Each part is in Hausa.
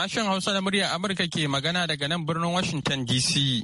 Sashen Hausa da muryar Amurka ke magana daga nan birnin Washington DC.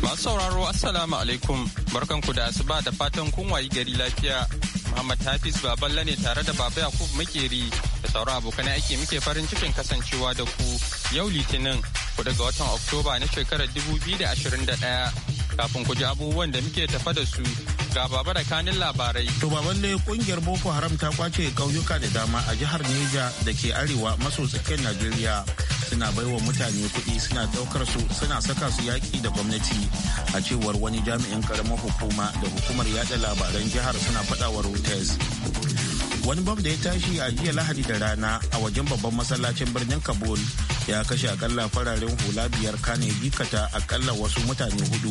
Masu sauraro Assalamu alaikum barkanku da asuba da fatan kun wayi gari lafiya. Muhammad Hafiz Baballe ne tare da Baba Yakub Makeri da sauran abokan aiki muke farin cikin kasancewa da ku yau Litinin ku daga watan Oktoba na shekarar 2021 kafin ku ji abubuwan da muke tafa da su Ga baba da kanin labarai. To baban ne kungiyar Boko Haram ta kwace kauyuka da dama a jihar Neja da ke arewa maso tsakiyar Najeriya. Suna baiwa mutane kuɗi suna ɗaukar su suna saka su yaƙi da gwamnati a cewar wani jami'in karamar hukuma da hukumar yaɗa labaran jihar suna faɗawa Reuters. Wani bam da ya tashi a jiya Lahadi da rana a wajen babban masallacin birnin Kabul ya kashe akalla fararen hula biyar kane jikata akalla wasu mutane hudu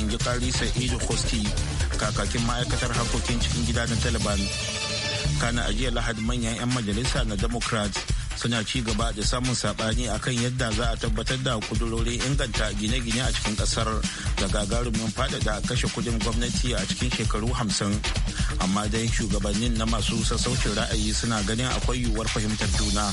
in ji karisa ido kosti kakakin ma'aikatar harkokin cikin gida na taliban kana a jiya lahadi manyan 'yan majalisa na democrats suna ci gaba da samun sabani akan yadda za a tabbatar da kudurori inganta gine-gine a cikin kasar da gagarumin faɗaɗa kashe kudin gwamnati a cikin shekaru hamsin amma dai shugabannin na masu sassaucin ra'ayi suna ganin akwai yiwuwar fahimtar juna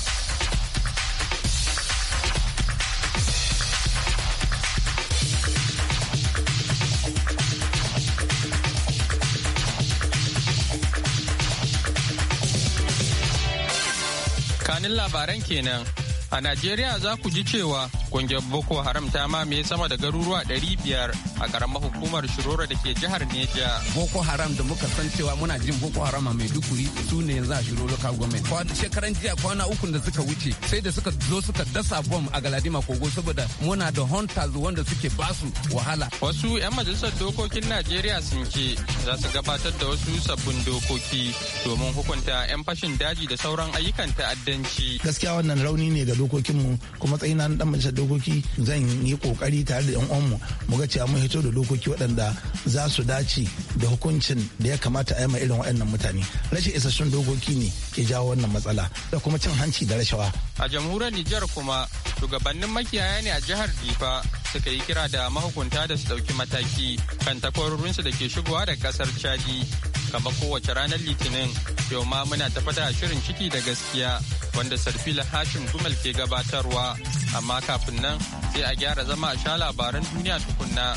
kanin labaran kenan. A Najeriya za ku ji cewa Kungiyar Boko Haram ta mamaye sama da garuruwa 500 a karamar hukumar Shirora da ke jihar Neja. Boko Haram da muka san cewa muna jin Boko Haram a Maiduguri su ne yanzu a Shirora local government. shekaran jiya kwana uku da suka wuce sai da suka zo suka dasa bom a Galadima Kogo saboda muna da hunters wanda suke basu wahala. Wasu 'yan majalisar dokokin Najeriya sun ce za su gabatar da wasu sabbin dokoki domin hukunta 'yan fashin daji da sauran ayyukan ta'addanci. Gaskiya wannan rauni ne ga dokokinmu kuma tsayin na dan majalisar dokoki zan yi kokari tare da yan uwanmu mu ga cewa mun hito da dokoki waɗanda za su dace da hukuncin da ya kamata a yi ma irin waɗannan mutane rashin isassun dokoki ne ke jawo wannan matsala da kuma cin hanci da rashawa a jamhuriyar Nijar kuma shugabannin makiyaya ne a jihar Difa suka yi kira da mahukunta da su ɗauki mataki kan takwarorinsu da ke shigowa da ƙasar Chadi kamar kowace ranar litinin yau ma muna tafata shirin ciki da gaskiya wanda sarfila hashim gumal ke gabatarwa amma kafin nan sai a gyara zama a sha labaran duniya tukunna.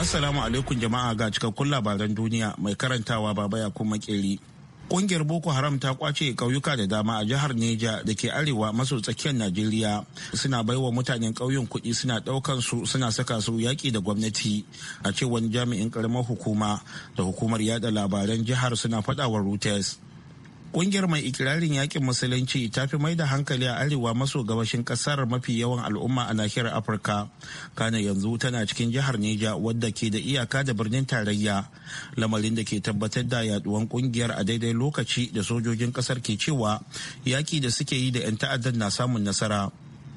Assalamu alaikum jama'a ga cikakkun labaran duniya mai karantawa baba ya kuma makeri. Kungiyar Boko Haram ta kwace ƙauyuka da dama a jihar Neja da ke arewa maso tsakiyar Najeriya suna baiwa mutanen ƙauyen kuɗi suna ɗaukan su suna saka su yaƙi da gwamnati a cewar jami'in ƙaramar hukuma da hukumar yada labaran jihar suna faɗawa rutes. Kungiyar mai ikirarin yakin musulunci ta fi mai da hankali a arewa maso gabashin kasar mafi yawan al'umma a nahiyar Afirka. Kana yanzu tana cikin jihar Neja wadda ke da iyaka da birnin tarayya. Lamarin da ke tabbatar da yaduwan kungiyar a daidai lokaci da sojojin kasar ke cewa yaki da suke yi da 'yan ta'addan na samun nasara.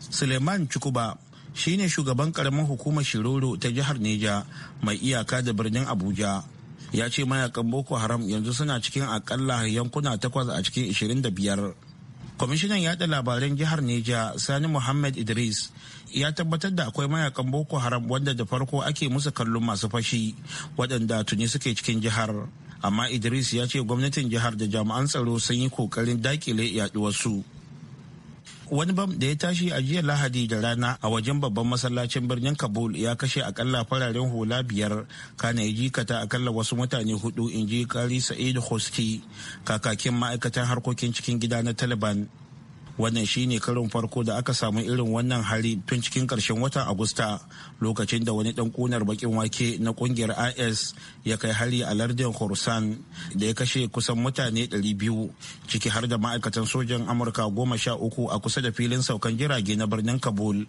Suleiman Chukuba shine shugaban karamin hukumar Shiroro ta jihar Neja mai iyaka da birnin Abuja. ya ce mayakan boko haram yanzu suna cikin akalla yankuna takwas a cikin 25 kwamishinan yada labaran jihar neja sani muhammad idris ya tabbatar da akwai mayakan boko haram wanda da farko ake musu kallon masu fashi waɗanda tuni suke cikin jihar amma idris ya ce gwamnatin jihar da jami'an tsaro sun yi ƙoƙarin dakile yaduwarsu. wani bam da ya tashi a jiya lahadi da rana a wajen babban masallacin birnin kabul ya kashe akalla fararen hula biyar kana ya jikata akalla wasu mutane hudu in ji kari sa'id hoski kakakin ma'aikatan harkokin cikin gida na taliban wannan shine karin farko da aka samu irin wannan hari tun cikin karshen watan agusta lokacin da wani dan kunar bakin wake na kungiyar is ya kai hari a lardin khorasan da ya kashe kusan mutane 200 ciki har da ma'aikatan sojan amurka goma sha uku a kusa da filin saukan jirage na birnin kabul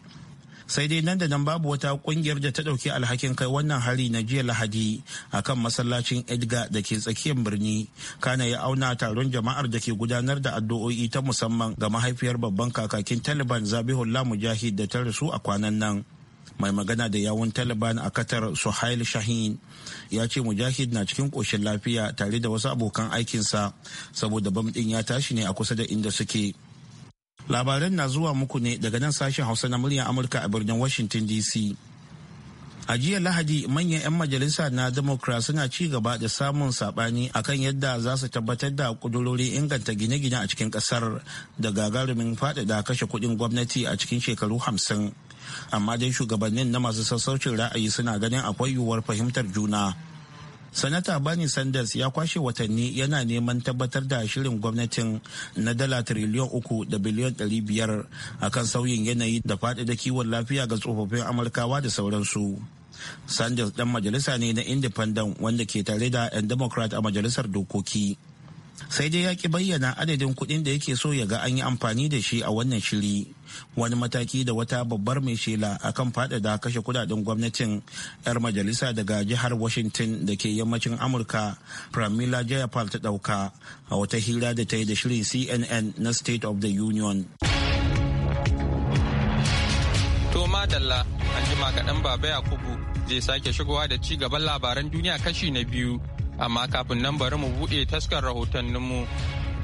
sai dai nan da nan babu wata kungiyar da ta ɗauki alhakin kai wannan hari na jiya lahadi a kan masallacin edgar da ke tsakiyar birni kana ya auna taron jama'ar da ke gudanar da addu'o'i ta musamman ga mahaifiyar babban kakakin taliban zabihullah mujahid da ta rasu a kwanan nan mai magana da yawun taliban a qatar suhail shahin ya ce mujahid na cikin koshin lafiya tare da wasu abokan aikinsa saboda bam ɗin ya tashi ne a kusa da inda suke Labaran na zuwa muku ne daga nan sashen Hausa na muryar Amurka a birnin Washington DC. A jiya Lahadi manyan 'yan majalisa na Democrat suna ci gaba da samun sabani akan yadda za su tabbatar da kudurori inganta gine-gine a cikin ƙasar. da gagarumin faɗaɗa kashe kuɗin gwamnati a cikin shekaru hamsin. Amma dai shugabannin na masu sassaucin ra'ayi suna ganin akwai yiwuwar fahimtar juna. sanata bani sanders ya kwashe watanni yana neman tabbatar da shirin gwamnatin na dala triliyon uku da biliyon ɗari biyar a kan sauyin yanayi da faɗaɗa kiwon lafiya ga tsofaffin amurkawa da sauransu sanders ɗan majalisa ne na independent wanda ke tare da 'yan democrat a majalisar dokoki sai dai ya ki bayyana adadin kuɗin da yake so ya ga an yi amfani da shi a wannan shiri wani mataki da wata babbar mai shela akan faɗaɗa kashe kudaden gwamnatin 'yar majalisa daga jihar washington da ke yammacin amurka pramila jayapal ta ɗauka a wata hira da ta yi da shirin cnn na state of the union to kaɗan baba yakubu zai sake shigowa da ci gaban labaran duniya kashi na biyu Amma kafin nan bari mu buɗe taskar rahotanninmu.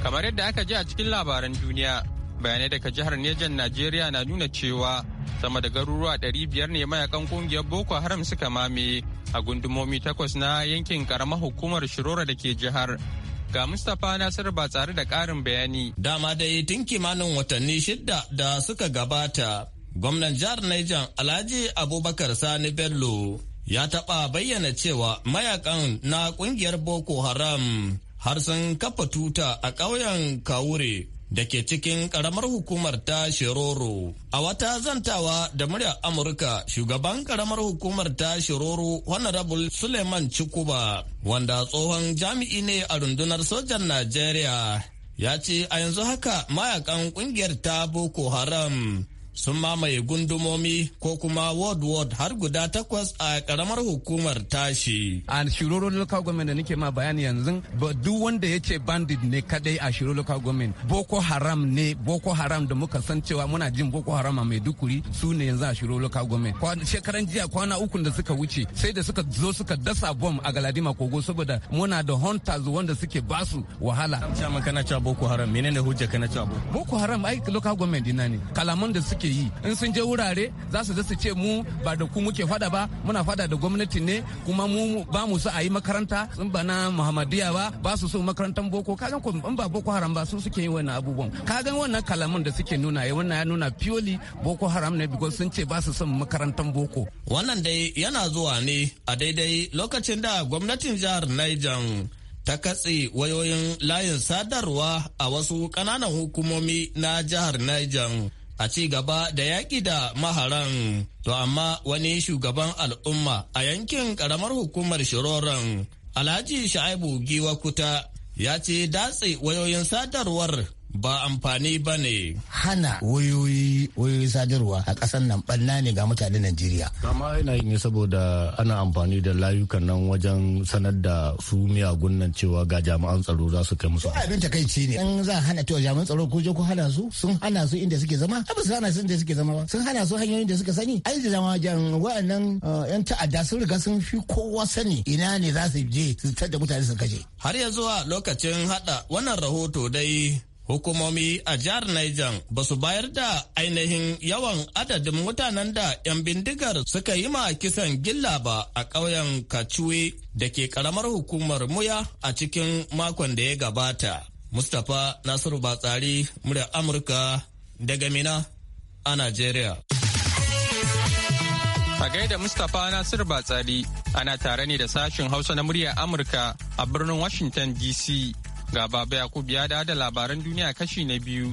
Kamar yadda aka ji a cikin labaran duniya, bayanai daga jihar Nejan Najeriya na nuna cewa sama da garuruwa biyar ne mayakan kungiyar Boko Haram suka mame a gundumomi takwas na yankin karamar hukumar Shirora da ke jihar. Ga Mustapha Nasir ba tsare da ƙarin bayani. Dama dai tun kimanin watanni shidda da suka gabata, gwamnan jihar Niger Alhaji Abubakar Sani Bello ya taɓa bayyana cewa mayakan na ƙungiyar Boko Haram har sun kafa tuta a ƙauyen Kawure da ke cikin ƙaramar hukumar ta Shiroro. A wata zantawa da muryar Amurka shugaban ƙaramar hukumar ta Shiroro Honorable Suleiman chukuba wanda tsohon jami'i ne a rundunar sojan Najeriya ya ce a yanzu haka mayakan ƙungiyar ta Boko Haram sun mamaye gundumomi ko kuma ward ward har guda takwas a karamar hukumar tashi. A shiroro local government da nake ma bayani yanzu duk wanda ya ce bandit ne kadai a shiro local government Boko Haram ne Boko Haram da muka san cewa muna jin Boko Haram a Maiduguri su ne yanzu a shiro local government. Shekaran jiya kwana uku da suka wuce sai da suka zo suka dasa bom a Galadima Kogo saboda muna da hunters wanda suke basu wahala. Kana cewa Boko Haram menene hujja kana cewa Boko Haram ai local government dina ne kalaman da suke yi in sun je wurare za su su ce mu ba da ku muke fada ba muna fada da gwamnati ne kuma mu ba mu su a yi makaranta sun ba na muhammadiya ba ba su so makarantar boko kagan ko in ba boko haram ba su suke yi wannan abubuwan ka gan wannan kalaman da suke nuna ya wannan ya nuna purely boko haram ne because sun ce ba su son makarantar boko wannan dai yana zuwa ne a daidai lokacin da gwamnatin jihar Niger ta katse wayoyin layin sadarwa a wasu ƙananan hukumomi na jihar Niger a ci gaba da yaƙi da maharan. To amma wani shugaban al'umma a yankin ƙaramar hukumar Shiroron, Alhaji Sha'ibu Giwakuta ya ce datse wayoyin sadarwar ba amfani ba ne. Hana wayoyi sadarwa a ƙasar nan ɓanna ne ga mutanen Najeriya. Amma yana yi ne saboda ana amfani da layukan nan wajen sanar da su miyagun nan cewa ga jami'an tsaro za su kai musu. abin takaici ne. In za a hana cewa jami'an tsaro ko je ko hana su sun hana su inda suke zama. Ba su hana su inda suke zama ba. Sun hana su hanyoyin da suka sani. Ai da zama jan wa'annan eh, yan ta'adda sun riga sun fi kowa sani ina ne za su je su tada mutane su kaje. Har ya a lokacin hada wannan rahoto dai Hukumomi a jihar Niger ba su bayar da ainihin yawan adadin mutanen da 'yan bindigar suka yi ma kisan gilla ba a ƙauyen Kacuwe da ke karamar hukumar Muya a cikin makon da ya gabata. Mustapha Nasiru Batsari, murya Amurka daga Mina a Najeriya. A gaida Mustapha Nasiru Batsari ana tare ne da sashen Hausa na muryar Amurka a birnin Washington DC. Ga Baba Yakub ya da da labaran duniya kashi na biyu.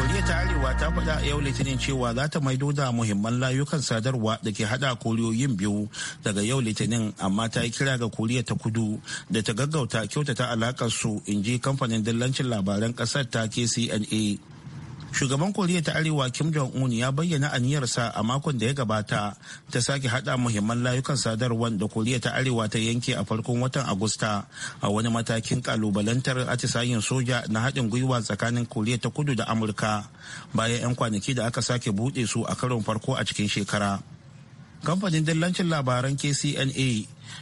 Koriya ta Arewa ta faɗa a yau Litinin cewa za ta maido da muhimman layukan sadarwa da ke haɗa koriyoyin biyu daga yau Litinin amma ta yi kira ga Koriya ta Kudu da ta gaggauta kyautata alakar su in ji kamfanin dillancin labaran ƙasar ta KCNA. shugaban koriya ta arewa kim jong-un ya bayyana aniyarsa a makon da ya gabata ta sake hada muhimman layukan sadarwar da koriya ta arewa ta yanke a farkon watan agusta a wani matakin kalubalantar atisayin soja na haɗin gwiwa tsakanin koriya ta kudu da amurka bayan 'yan kwanaki da aka sake buɗe su a karon farko a cikin shekara kamfanin dillancin labaran kcna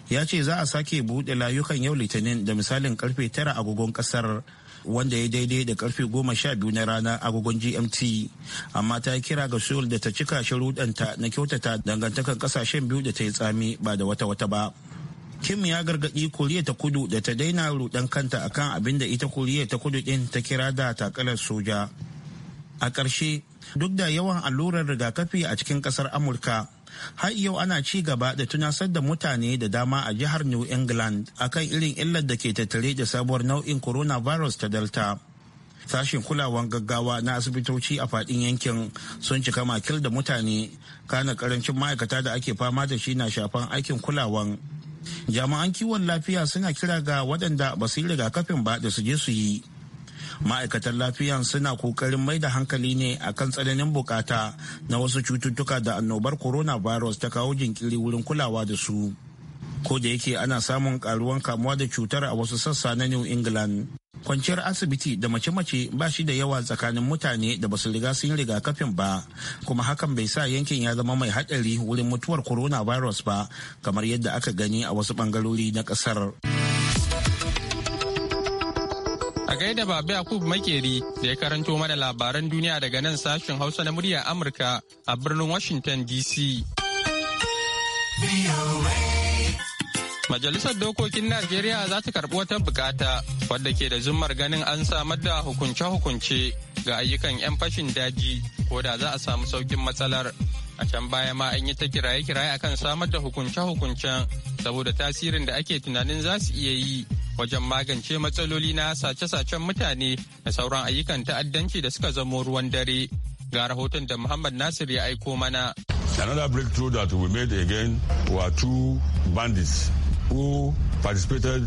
ya ce za a sake buɗe layukan yau litinin da misalin karfe 9 agogon kasar. wanda ya daidai da karfe goma sha biyu na rana agogon gmt amma ta yi kira ga seoul da ta cika sharuɗanta na kyautata dangantakar kasashen biyu da ta yi tsami ba da wata-wata ba kim ya gargaɗi koriya ta kudu da ta daina rudan kanta akan abin da ita koriya ta kudu din ta kira da takalar soja a ƙarshe duk da yawan allurar rigakafi a cikin ƙasar amurka har yau ana ci gaba da tunasar da mutane da dama a jihar new england akan irin illar da ke tattare da sabuwar nau'in coronavirus ta delta sashen kulawan gaggawa na asibitoci a fadin yankin sun cika makil da mutane kana karancin ma'aikata da ake fama da shi na shafan aikin kulawan jami'an kiwon lafiya suna kira ga waɗanda ba su yi rigakafin ba da su je su yi ma'aikatan lafiya suna kokarin mai da hankali ne a kan tsananin bukata na wasu cututtuka da annobar coronavirus ta kawo jinkiri wurin kulawa da su ko da yake ana samun karuwan kamuwa da cutar a wasu sassa na new england kwanciyar asibiti da mace-mace ba shi da yawa tsakanin mutane da basu riga sun rigakafin ba kuma hakan bai sa yankin ya zama mai haɗari wurin mutuwar coronavirus ba kamar yadda aka gani a wasu ɓangarori na ƙasar. A gaida Babu Yakub Makeri da ya karanto mana labaran duniya daga nan sashen Hausa na muryar Amurka a birnin Washington DC. Majalisar Dokokin Najeriya za ta karɓi wata bukata wadda ke da zummar ganin an samar da hukunce-hukunce ga ayyukan 'yan fashin daji ko da za a samu saukin matsalar. a can baya ma an yi ta kiraye-kiraye akan samar da hukunce-hukuncen saboda tasirin da ake tunanin za su iya yi wajen magance matsaloli na sace-sacen mutane da sauran ayyukan ta'addanci da suka zamo ruwan dare. Ga rahoton da Muhammad Nasir ya aiko mana. Another breakthrough that we made again were two bandits who participated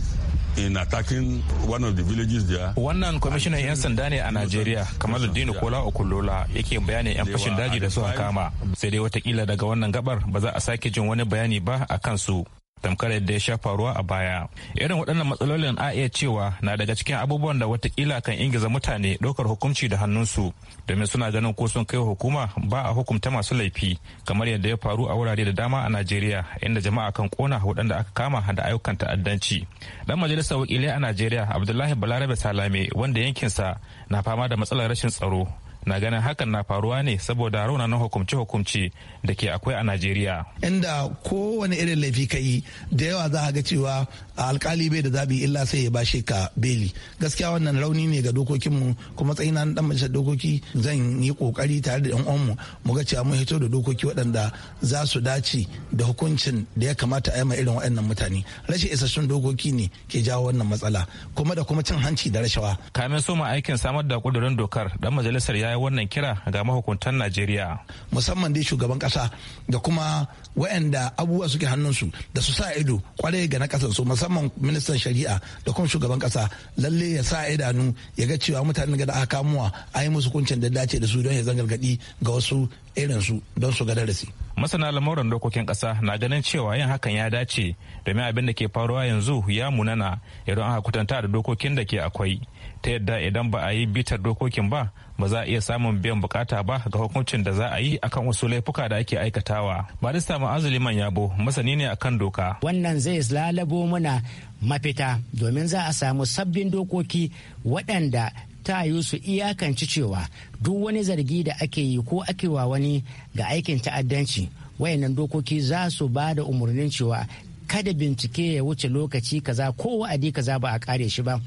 in attacking one of the villages there. Wannan kwamishinan 'yan sanda ne a Najeriya, kamar Dino Kola Okulola yake bayanin 'yan fashin daji da su kama. Sai dai watakila daga wannan gabar ba za a sake jin wani bayani ba a kansu. tamkar yadda ya sha faruwa a baya irin waɗannan matsalolin a iya cewa na daga cikin abubuwan da watakila kan ingiza mutane ɗaukar hukunci da hannunsu domin suna ganin ko sun kai hukuma ba a hukumta masu laifi kamar yadda ya faru a wurare da dama a najeriya inda jama'a kan kona waɗanda aka kama da ayyukan ta'addanci dan majalisar wakilai a najeriya abdullahi balarabe salame wanda yankinsa na fama da matsalar rashin tsaro na ganin hakan na faruwa ne saboda rauna na hukumce-hukumce da ke akwai a najeriya inda kowane irin laifi ka yi da yawa za a ga cewa a alkali bai da zabi illa sai ya bashe ka beli gaskiya wannan rauni ne ga dokokinmu kuma tsayina na dan majalisar dokoki zan yi kokari tare da yan uwanmu mu ga cewa mun hito da dokoki waɗanda za su dace da hukuncin da ya kamata a yi ma irin waɗannan mutane rashin isassun dokoki ne ke jawo wannan matsala kuma da kuma cin hanci da rashawa kamin soma aikin samar da kudurin dokar dan majalisar ya ya wannan kira ga mahukuntan najeriya musamman dai shugaban kasa da kuma waɗanda abubuwa suke hannunsu da su sa ido kwarai ga na kasar su musamman ministan shari'a da kuma shugaban kasa lalle ya sa idanu ya ga cewa mutanen da aka kamuwa a yi musu kuncin da dace da su don ya zangargadi ga wasu irin don su ga darasi masana lamuran dokokin kasa na ganin cewa yin hakan ya dace domin abin da ke faruwa yanzu ya munana idan aka kwatanta da dokokin da ke akwai ta yadda idan ba a yi bitar dokokin ba ba za a iya samun biyan bukata ba ga hukuncin da za a yi akan wasu laifuka da ake aikatawa barista ma'azu liman yabo masani ne akan doka wannan zai lalabo muna mafita domin za a samu sabbin dokoki waɗanda ta yi su iyakanci cewa duk wani zargi da ake yi ko ake wa wani ga aikin ta'addanci wayannan dokoki za su ba da umarnin cewa kada bincike ya wuce lokaci kaza ko wa'adi kaza ba a kare shi ba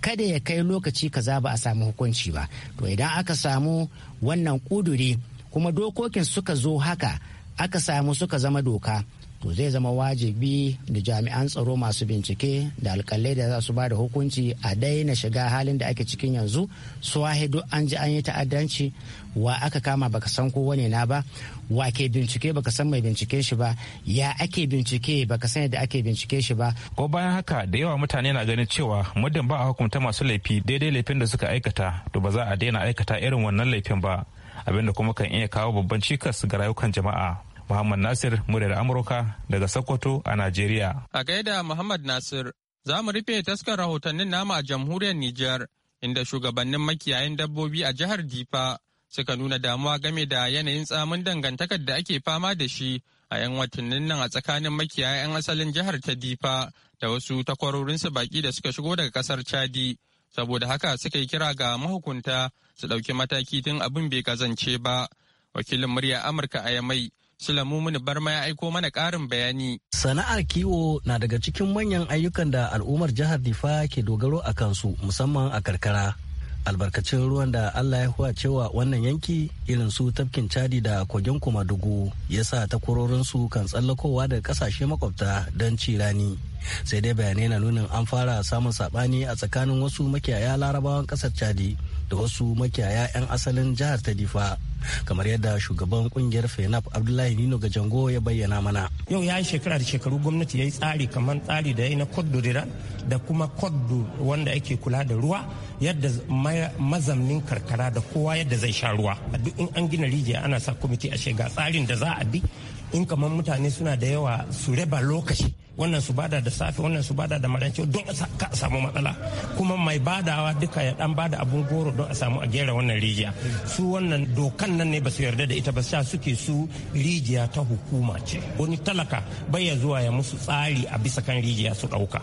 kada ya kai lokaci kaza ba a samu hukunci ba to idan aka samu wannan kuduri kuma dokokin suka zo haka aka samu suka zama doka to zai zama wajibi da jami'an tsaro masu bincike da alkalai da za su ba da hukunci a daina shiga halin da ake cikin yanzu su duk an ji an yi ta'addanci wa aka kama baka san ko wane na ba wa ke bincike baka san mai bincike shi ba ya ake bincike baka san yadda ake bincike shi ba ko bayan haka da yawa mutane na ganin cewa muddin ba a hukunta masu laifi daidai laifin da suka aikata to ba za a daina aikata irin wannan laifin ba abinda kuma kan iya kawo babban cikas ga rayukan jama'a Muhammad Nasir muryar Amurka daga Sokoto a Najeriya. A gaida Muhammad Nasir, za mu rufe taskar rahotannin nama a jamhuriyar Nijar, inda shugabannin makiyayin dabbobi a jihar Difa suka nuna damuwa game da yanayin tsamin dangantakar da ake fama da shi a 'yan watannin nan a tsakanin makiyaya 'yan asalin jihar ta Difa da wasu takwarorinsu baki da suka shigo daga kasar Chadi. Saboda haka suka yi kira ga mahukunta su ɗauki mataki tun abin bai kazance ba. Wakilin murya Amurka a Yamai Sulamu bar Barma ya aiko mana ƙarin bayani. Sana'ar kiwo na daga cikin manyan ayyukan da al'ummar jihar Difa ke dogaro a kansu musamman a karkara. Albarkacin ruwan da Allah ya huwa cewa wannan yanki irin su tafkin cadi da kogin kuma Kumadugu ya sa takwarorinsu kan tsallakowa da ƙasashe makwabta don ci rani. Sai dai bayanai na nunin an fara samun saɓani a tsakanin wasu makiyaya larabawan ƙasar cadi da wasu makiyaya 'yan asalin jihar ta difa kamar yadda shugaban kungiyar fenap abdullahi nino ga jango ya bayyana mana yau ya yi shekara da shekaru gwamnati ya yi tsari kamar tsari da ya yi na koddo da kuma kwaddo wanda ake kula da ruwa yadda mazamnin karkara da kowa yadda zai sha ruwa a duk in an gina rijiya ana sa kwamiti a shiga tsarin da za a bi in kamar mutane suna da yawa su raba lokaci wannan su bada da safe wannan su bada da marance don a samu matsala kuma mai badawa duka ya dan bada abun goro don a samu a gera wannan rijiya su wannan dokan nan ne ba su yarda da ita ba sa suke su rijiya ta hukuma ce wani talaka bai ya zuwa ya musu tsari a bisa kan rijiya su dauka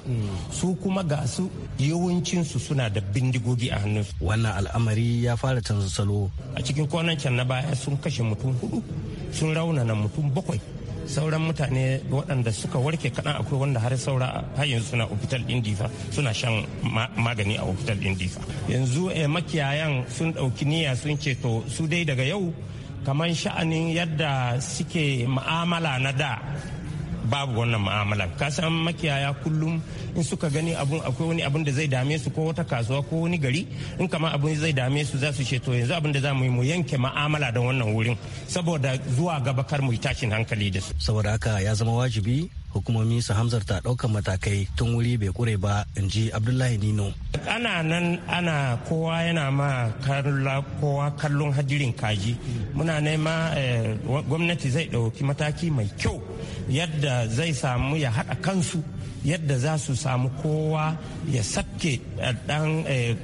su kuma ga su yawancin su suna da bindigogi a hannun wannan al'amari ya fara canza salo a cikin kwanan can na baya sun kashe mutum hudu sun raunana mutum bakwai sauran mutane waɗanda suka warke kaɗan akwai wanda har saura har yanzu suna ofital ɗin difa suna shan magani a ofital ɗin difa yanzu eh, makiyayan sun ɗauki niyya sun ce to su dai daga yau kamar sha'anin yadda suke ma'amala na da babu wannan mu'amala ka san makiyaya kullum in suka gani abun akwai wani abun da zai dame su ko wata kasuwa ko wani gari in kama abun zai dame su za su ce to yanzu abin da za mu yi mu yanke mu'amala da wannan wurin saboda zuwa gaba kar mu tashin hankali da su saboda haka ya zama wajibi hukumomi su hamzarta ɗaukar matakai tun wuri bai kure ba in ji abdullahi nino ana nan ana kowa yana ma kowa kallon hadirin kaji muna nema eh, gwamnati zai ɗauki mataki mai kyau yadda zai samu ya haɗa kansu yadda za su samu kowa ya sabke eh, dan eh,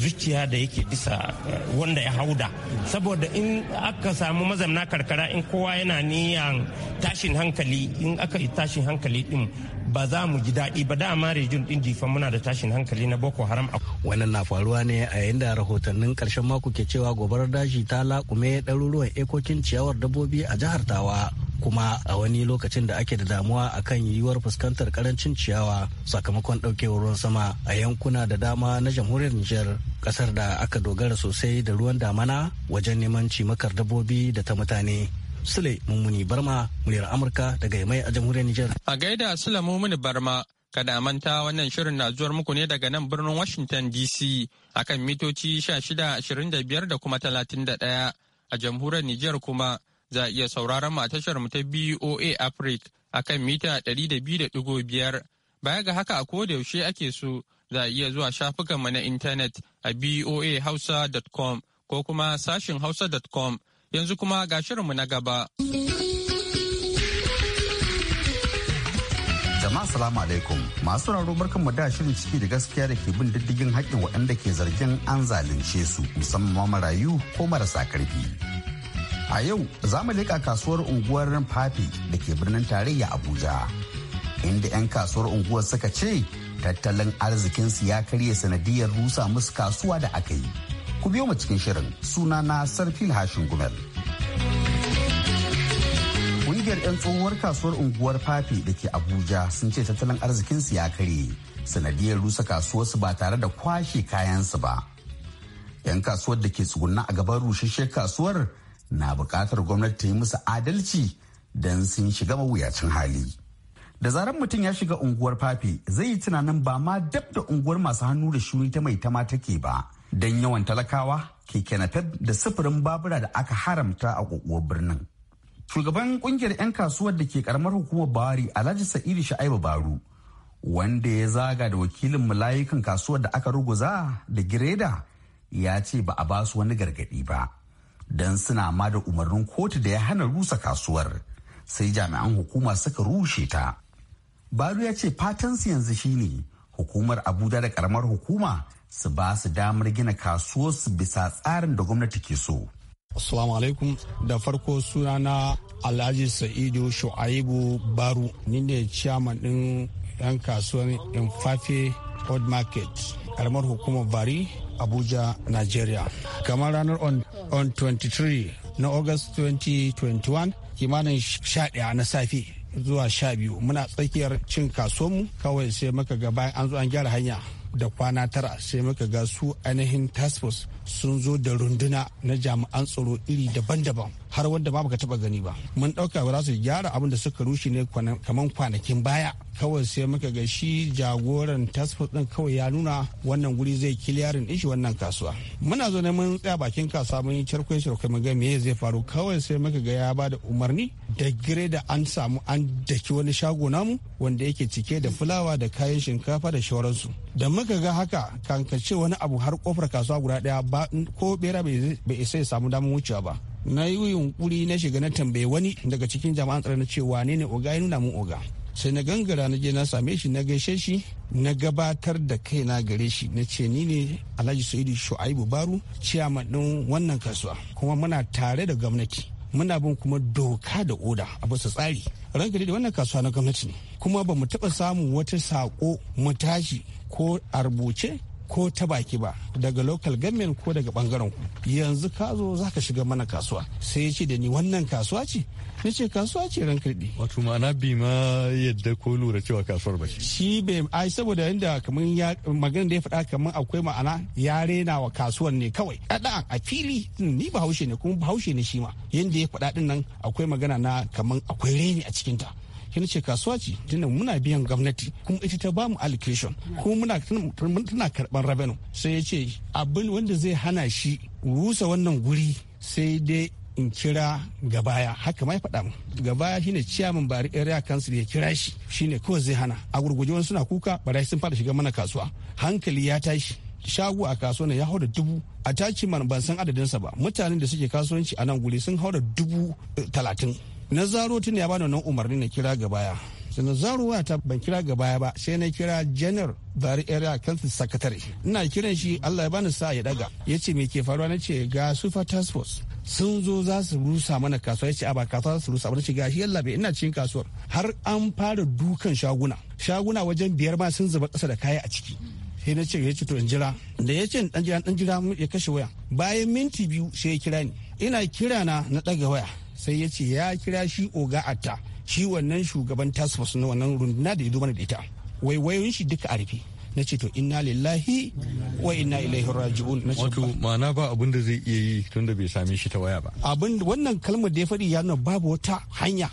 zuciya da yake bisa eh, wanda ya hauda saboda in aka samu mazamna karkara in kowa yana niyan tashin hankali in aka yi tashin hankali din ba za mu ji daɗi ba dama rejin din jifa muna da tashin hankali na boko haram wannan na faruwa ne a yayin da rahotannin karshen mako ke cewa gobarar daji ta laƙume ɗaruruwan ekokin ciyawar dabbobi a jihar tawa kuma a wani lokacin da ake da damuwa a kan yiwuwar fuskantar karancin ciyawa sakamakon ɗaukewar ruwan sama a yankuna da dama na jamhuriyar Nijar kasar da aka dogara sosai da ruwan damana wajen neman cimakar dabbobi da ta mutane. Sule Mummuni Barma, muryar Amurka daga Yamai a jamhuriyar Nijar. A gaida Sule Mummuni Barma, kada manta wannan shirin na zuwar muku ne daga nan birnin Washington DC akan mitoci 25 da kuma 31 a jamhuriyar Nijar kuma za a iya sauraron mu a tashar mu ta BOA Africa akan mita 200.5 baya ga haka a koda yaushe ake so za a iya zuwa shafukan mu na intanet a boahausa.com ko kuma sashin hausa.com yanzu kuma ga shirinmu na gaba. jama'a salamu alaikum masu raro barkan mu da shirin ciki da gaskiya da ke bin diddigin haƙƙin waɗanda ke zargin an zalunce su musamman marayu ko marasa karfi A yau za mu leƙa kasuwar unguwar Fafi da ke birnin tarayya Abuja. Inda 'yan kasuwar unguwar suka ce tattalin arzikinsu ya karye sanadiyar rusa musu kasuwa da aka yi. Ku biyo mu cikin shirin suna na Sarfil Hashin Gumel. Ƙungiyar 'yan tsohuwar kasuwar unguwar Fafi da ke Abuja sun ce tattalin arzikinsu ya karye sanadiyar rusa kasuwarsu ba tare da kwashe kayansu ba. 'Yan kasuwar da ke tsugunna a gaban rushe kasuwar na bukatar gwamnati ta yi musu adalci don sun shiga mawuyacin hali. Da zarar mutum ya shiga unguwar fafe zai yi tunanin ba ma dab da unguwar masu hannu da shuni ta mai tama take ba don yawan talakawa keke napep da sufurin babura da aka haramta a kokowar birnin. Shugaban kungiyar 'yan kasuwar da ke karamar hukumar Buhari Alhaji Sa'idu Sha'ibu Baru wanda ya zaga da wakilin mulayikan kasuwar da aka ruguza da gireda ya ce ba a basu wani gargadi ba. don suna ma da umarnin kotu da ya hana rusa kasuwar sai jami'an hukuma suka rushe ta baru ya ce fatansu yanzu shine hukumar abuja da karamar hukuma su ba su damar gina kasuwarsu bisa tsarin da gwamnati ke so Assalamu alaikum da farko sunana Alhaji Sa'idu Shu'aibu Baru ni ne ciyaman din yan kasuwar Infafe Old Market kalmar hukumar bari abuja nigeria kamar ranar on, on 23 na august 2021 kimanin 11 na safe zuwa sha biyu muna tsakiyar cin mu kawai sai maka ga bayan an zo an gyara hanya da kwana tara sai muka ga su ainihin task sun zo da runduna na jami'an tsaro iri daban-daban har wanda ba baka taba gani ba mun dauka ba za su gyara abin da suka rushe ne kaman kwanakin baya kawai sai muka ga shi jagoran tasfus din kawai ya nuna wannan guri zai kiliyarin din shi wannan kasuwa muna zo ne mun tsaya bakin kasuwa mun yi charkwai shirkai mun ga me zai faru kawai sai muka ga ya ba da umarni da gire da an samu an daki wani shago namu wanda yake cike da fulawa da kayan shinkafa da shauransu da muka ga haka kankace wani abu har kofar kasuwa guda daya ko bera bai isa ya samu damar wucewa ba na yi yunkuri na shiga na tambaye wani daga cikin jama'an tsaron cewa ne ne oga ya nuna mun oga sai na gangara na je na same shi na gaishe shi na gabatar da kai na gare shi na ce ni ne alhaji sa'idu shu'aibu baru ciyaman din wannan kasuwa kuma muna tare da gwamnati muna bin kuma doka da oda a bisa tsari rangare da wannan kasuwa na gwamnati ne kuma ba mu taɓa samun wata sako mu tashi ko a rubuce ko ta baki ba daga local government ko daga bangaren ku yanzu ka zo za ka shiga mana kasuwa sai ya ce da ni wannan kasuwa ce ya ce kasuwa ce ran karɗi. wato ma'ana bi ma yadda ko lura cewa kasuwar ba ce shi bai ai saboda inda kamar ya magana da ya faɗa kamar akwai ma'ana ya rena wa kasuwar ne kawai ɗaɗa a fili hmm, ni ba haushe ne kuma ba haushe ne shi ma yadda ya faɗa ɗin nan akwai magana na kamar akwai reni a ta kin ce kasuwa ce tunda muna biyan gwamnati kuma ita ta bamu allocation kuma muna tana karban revenue sai ya ce abin wanda zai hana shi rusa wannan guri sai dai in kira gabaya haka ma faɗa mu gabaya shine ciyaman bari area council ya kira shi shine ko zai hana a gurguje wani suna kuka barai sun fara shiga mana kasuwa hankali ya tashi shago a kasuwa ne ya hau da dubu a taci man ban san adadinsa ba mutanen da suke kasuwanci a nan guri sun hau da dubu eh, talatin na zaro tun ya bani wannan umarni na kira gabaya sannan zaro ta ban kira gabaya ba sai na kira general bari area council secretary ina kiran shi allah ya bani sa ya daga ya ce me ke faruwa na ce ga super task force sun zo za su rusa mana kasuwa ya ce a ba kasuwa za su rusa mana shiga shi yalla bai ina cikin kasuwar har an fara dukan shaguna shaguna wajen biyar ma sun zuba kasa da kaya a ciki sai na ce ya ce to in jira da ya ce dan jira dan jira ya kashe waya bayan minti biyu sai ya kira ni ina kira na na daga waya sai ya ce ya kira shi oga atta shi wannan shugaban task na wannan runduna da ya duba da ita waiwayoyin shi duka a rufe na ce to inna lillahi wa inna ilaihi raji'un na ce ma'ana ba abin da zai iya yi tunda bai same shi ta waya ba abin wannan kalmar da ya faɗi ya nuna babu wata hanya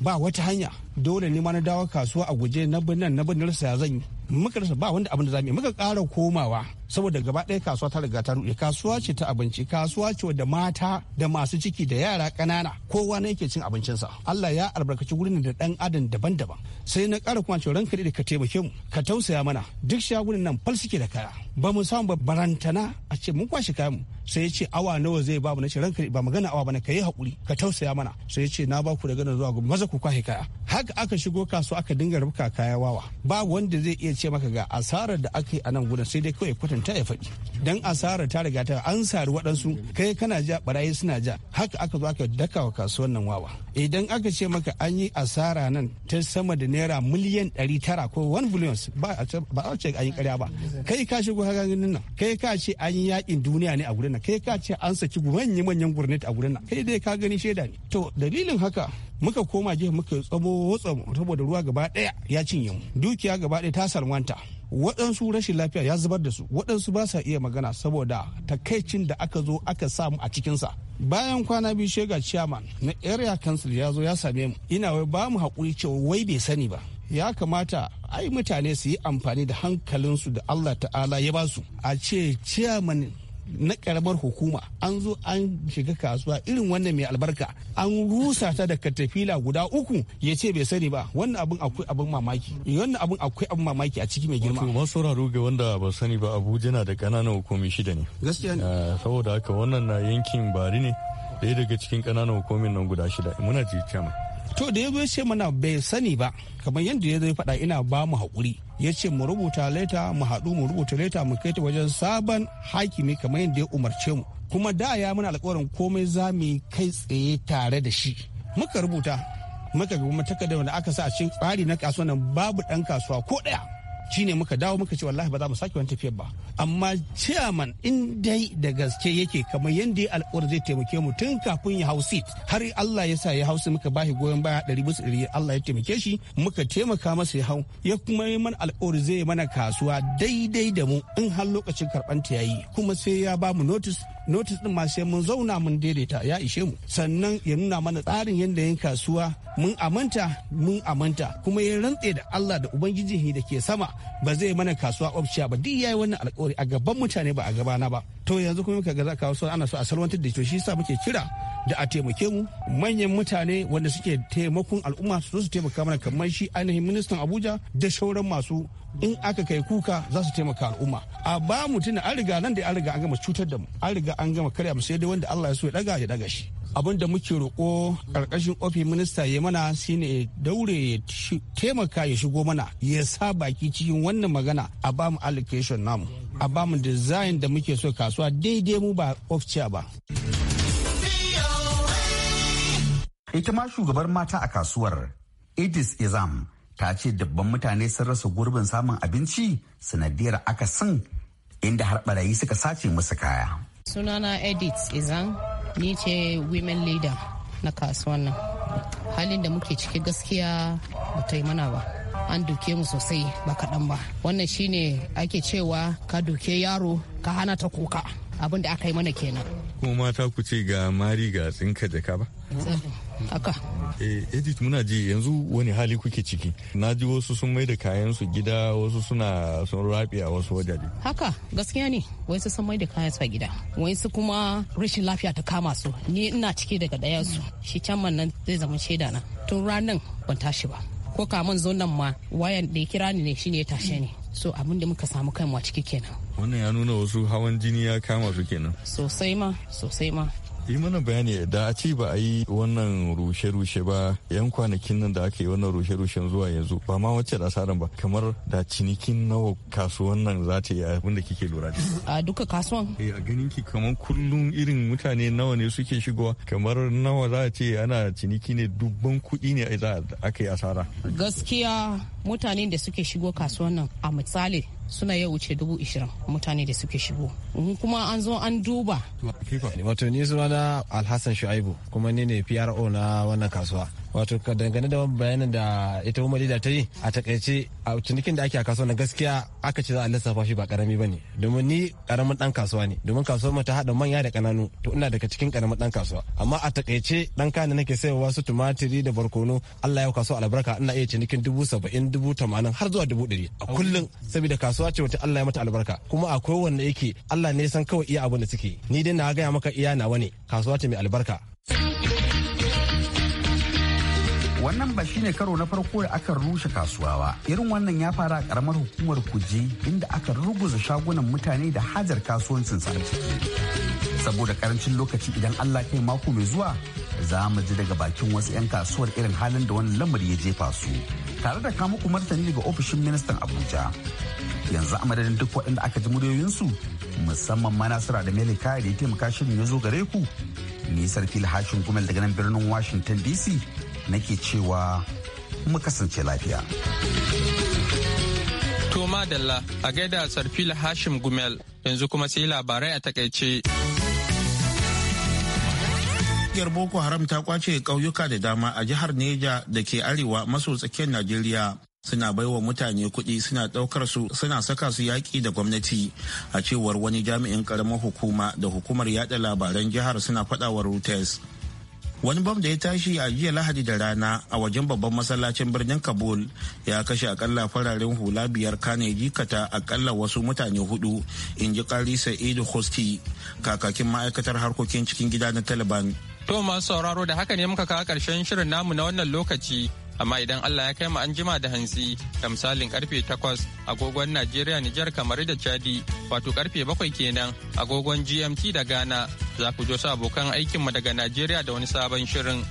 ba wata hanya dole ne ma na dawo kasuwa a guje na bin na bin rasa zan yi muka rasa ba wanda abin da zamu yi muka ƙara komawa saboda gaba ɗaya kasuwa ta riga ta ruɗe kasuwa ce ta abinci kasuwa ce da mata da masu ciki da yara ƙanana kowa na yake cin abincinsa Allah ya albarkaci gurin da ɗan adam daban-daban sai na ƙara kuma cewa ranka da ka taimake mu ka tausaya mana duk shagunan nan fal suke da kaya ba mu samu barantana a ce mun kwashe kayan mu sai ya ce awa nawa zai ba mu na ce ranka ba magana awa bane ka yi haƙuri ka tausaya mana sai ya ce na ba ku da gana zuwa gobe maza ku kwashe kaya haka aka shigo kasuwa aka dinga rubuka kaya wawa babu wanda zai iya ce maka ga asarar da aka yi a nan gudun sai dai kawai kwatanta ya faɗi dan asarar ta riga ta an sari waɗansu kai kana ja barayi suna ja haka aka zo aka daka wa kasuwan nan wawa idan aka ce maka an yi asara nan ta sama da naira miliyan ɗari tara ko one billion ba a ce an yi ƙarya ba kai ka shigo ganin nan kai ka ce an yi yaƙin duniya ne a gudun nan kai ka ce an saki manyan manyan gurnet a gudun nan kai dai ka gani shaida ne to dalilin haka muka koma jihar muka tsabo tsabo, saboda ruwa gaba daya ya cinye mu dukiya gaba daya ta salwanta waɗansu rashin lafiya ya zubar da su waɗansu ba sa iya magana saboda takaicin da aka zo aka samu a cikinsa bayan kwana biyu shega chairman na area council ya zo ya same mu ina wai ba mu haƙuri cewa wai bai sani ba ya kamata ai mutane su yi amfani da hankalinsu da allah ta'ala ya ba su a ce chairman na karamar hukuma an zo an shiga kasuwa irin wannan mai albarka an rusa ta da katafila guda uku ya ce bai sani ba wannan abin akwai abin mamaki wannan abin akwai abin mamaki a ciki mai girma wato masu sauraro ga wanda ba sani ba abuja na da kananan hukumi shida ne gaskiya ne eh, saboda haka wannan na yankin bari ne daya daga cikin kananan hukumin nan guda shida muna ji to da ya zo ce mana bai sani ba kamar yadda ya zai faɗa ina ba mu haƙuri ya ce mu rubuta leta mu haɗu mu rubuta leta mu kai ta wajen sabon hakimi kamar yadda ya umarce mu kuma da ya muna alƙawarin komai za mu kai tsaye tare da shi muka rubuta muka ga takardar da aka sa a cikin tsari na kasuwa nan babu ɗan kasuwa ko ɗaya shine muka dawo muka ce wallahi ba za mu sake wani tafiyar ba amma chairman in dai da gaske yake kamar yadda ya alƙawar zai taimake mu tun kafin ya hau seat har Allah ya sa ya hau muka muka bashi goyon baya ɗari bisa ɗari Allah ya taimake shi muka taimaka masa ya hau ya kuma yi mana alƙawar zai mana kasuwa daidai da mu in har lokacin karɓanta ya yi kuma sai ya ba mu notice notice din ma sai mun zauna mun daidaita ya ishe mu sannan ya nuna mana tsarin yadda yin kasuwa mun amanta mun amanta kuma ya rantse da Allah da ubangiji da ke sama ba zai mana kasuwa ofishiya ba duk yayi wannan alƙawari a gaban mutane ba a gabana ba to yanzu kuma kaga za ka ana so a salwantar da shi sa muke kira da a taimake mu manyan mutane wanda suke taimakon al'umma su su taimaka mana kamar shi ainihin ministan abuja da shauran masu in aka kai kuka za su taimaka al'umma a ba mu tuna an riga nan da an riga an gama cutar da mu an riga an gama karya mu sai dai wanda Allah ya so ya daga ya daga shi abin da muke roƙo ƙarƙashin ofi minista ya mana shine daure ya taimaka ya shigo mana ya sa baki cikin wannan magana a ba mu allocation namu a ba mu design da muke so kasuwa daidai mu ba ofciya ba. ita ma shugabar mata a kasuwar idis izam ta ce dabban mutane sun rasa gurbin samun abinci sanadiyar akasin inda har barayi suka sace musu kaya sunana edith izam ni ce women leader na kasuwan nan halin da muke ciki gaskiya ba ta yi mana ba an duke mu sosai ba kaɗan ba wannan shine ake cewa ka duke yaro ka hana ta kuka abin da aka yi mana kenan kuma mata ku ce ga mari ga tsinka jaka ba haka eh, edith muna ji yanzu wani hali kuke ciki na ji wasu sun mai da kayan su gida wasu suna sun rafi a wasu wajaje haka gaskiya ne wai su sun mai da kayan su gida wai su kuma rashin lafiya ta kama su ni ina ciki daga daya su shi can man nan zai zama shaida na tun ranan ban tashi ba ko kamun zo nan ma wayan da ya kira ni ne shine ya tashe ni so abin da muka samu kanmu a ciki kenan wannan ya nuna wasu hawan jini ya kama su kenan sosai ma sosai ma yi mana bayani da a ce ba a yi wannan rushe-rushe ba yan kwanakin nan da aka yi wannan rushe-rushen zuwa yanzu ba ma wacce asarar ba kamar da cinikin nawa kasuwan nan za ta yi abin da kike lura da a duka kasuwan eh a ganin ki kamar kullum irin mutane nawa ne suke shigowa kamar nawa za a ce ana ciniki ne dubban kuɗi ne za aka yi asara gaskiya mutanen da suke shigo kasuwan nan a misali suna ya wuce dubu ishirin mutane da suke shigo kuma an zo an duba wato ni suna na alhassan shu'aibu kuma ni ne pro na wannan kasuwa wato ka dangane da bayanin da ita umar da ta yi a takaice a cinikin da ake a kasuwa na gaskiya aka ce za a lissafa shi ba karami ba ne domin ni karamin dan kasuwa ne domin kasuwar mu ta hada manya da kananu to ina daga cikin karamin dan kasuwa amma a takaice dan kana nake sayarwa wasu tumatiri da barkono Allah ya kasuwa albarka ina iya cinikin dubu saba'in dubu tamanin har zuwa dubu ɗari a kullum saboda kasuwa ce wata Allah ya mata albarka kuma akwai wanda yake Allah ne ya san kawai iya abin da suke ni dai na gaya maka iya nawa ne kasuwa ce mai albarka. wannan ba shine karo na farko da aka rushe kasuwa ba irin wannan ya fara karamar hukumar kuje inda aka ruguza shagunan mutane da hajar kasuwancin sa saboda karancin lokaci idan allah kai mako mai zuwa za mu ji daga bakin wasu 'yan kasuwar irin halin da wannan lamari ya jefa su tare da kama ku martani daga ofishin ministan abuja yanzu a madadin duk waɗanda aka ji muryoyinsu musamman manasura da melika da ya taimaka shirin ya zo gare ku nisar sarki hashin gumel daga nan birnin washington dc nake cewa mu kasance lafiya. Toma Dalla a gaida Sarfila Hashim Gumel yanzu kuma sai labarai a takaice. Ƙungiyar Boko Haram ta kwace ƙauyuka da dama a jihar Neja da ke arewa maso tsakiyar Najeriya. Suna baiwa mutane kuɗi suna ɗaukar su suna saka su yaƙi da gwamnati a cewar wani jami'in ƙaramar hukuma da hukumar yaɗa labaran jihar suna faɗawar Reuters. wani bam da ya tashi a jiya lahadi da rana a wajen babban masallacin birnin kabul ya kashe akalla fararen hula biyar kane jikata akalla wasu mutane hudu in ji kari sa'idu hosti kakakin ma'aikatar harkokin cikin gida na taliban to masu sauraro da haka ne muka kawo karshen shirin namu na wannan lokaci amma idan allah ya kai mu an jima da hantsi da misalin karfe 8 agogon najeriya nijar kamar da chadi wato karfe 7 kenan agogon gmt da ghana za ku josa abokan aikinmu daga Najeriya da wani sabon shirin.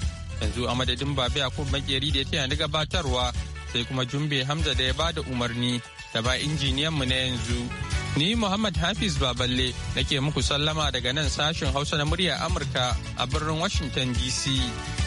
Yanzu a madadin a Yakub Makeri da ya taya ni gabatarwa sai kuma Jumbe Hamza da ya ba da umarni da ba injiniyanmu na yanzu. Ni Muhammad Hafiz Baballe nake muku sallama daga nan sashen Hausa na murya Amurka a birnin Washington DC.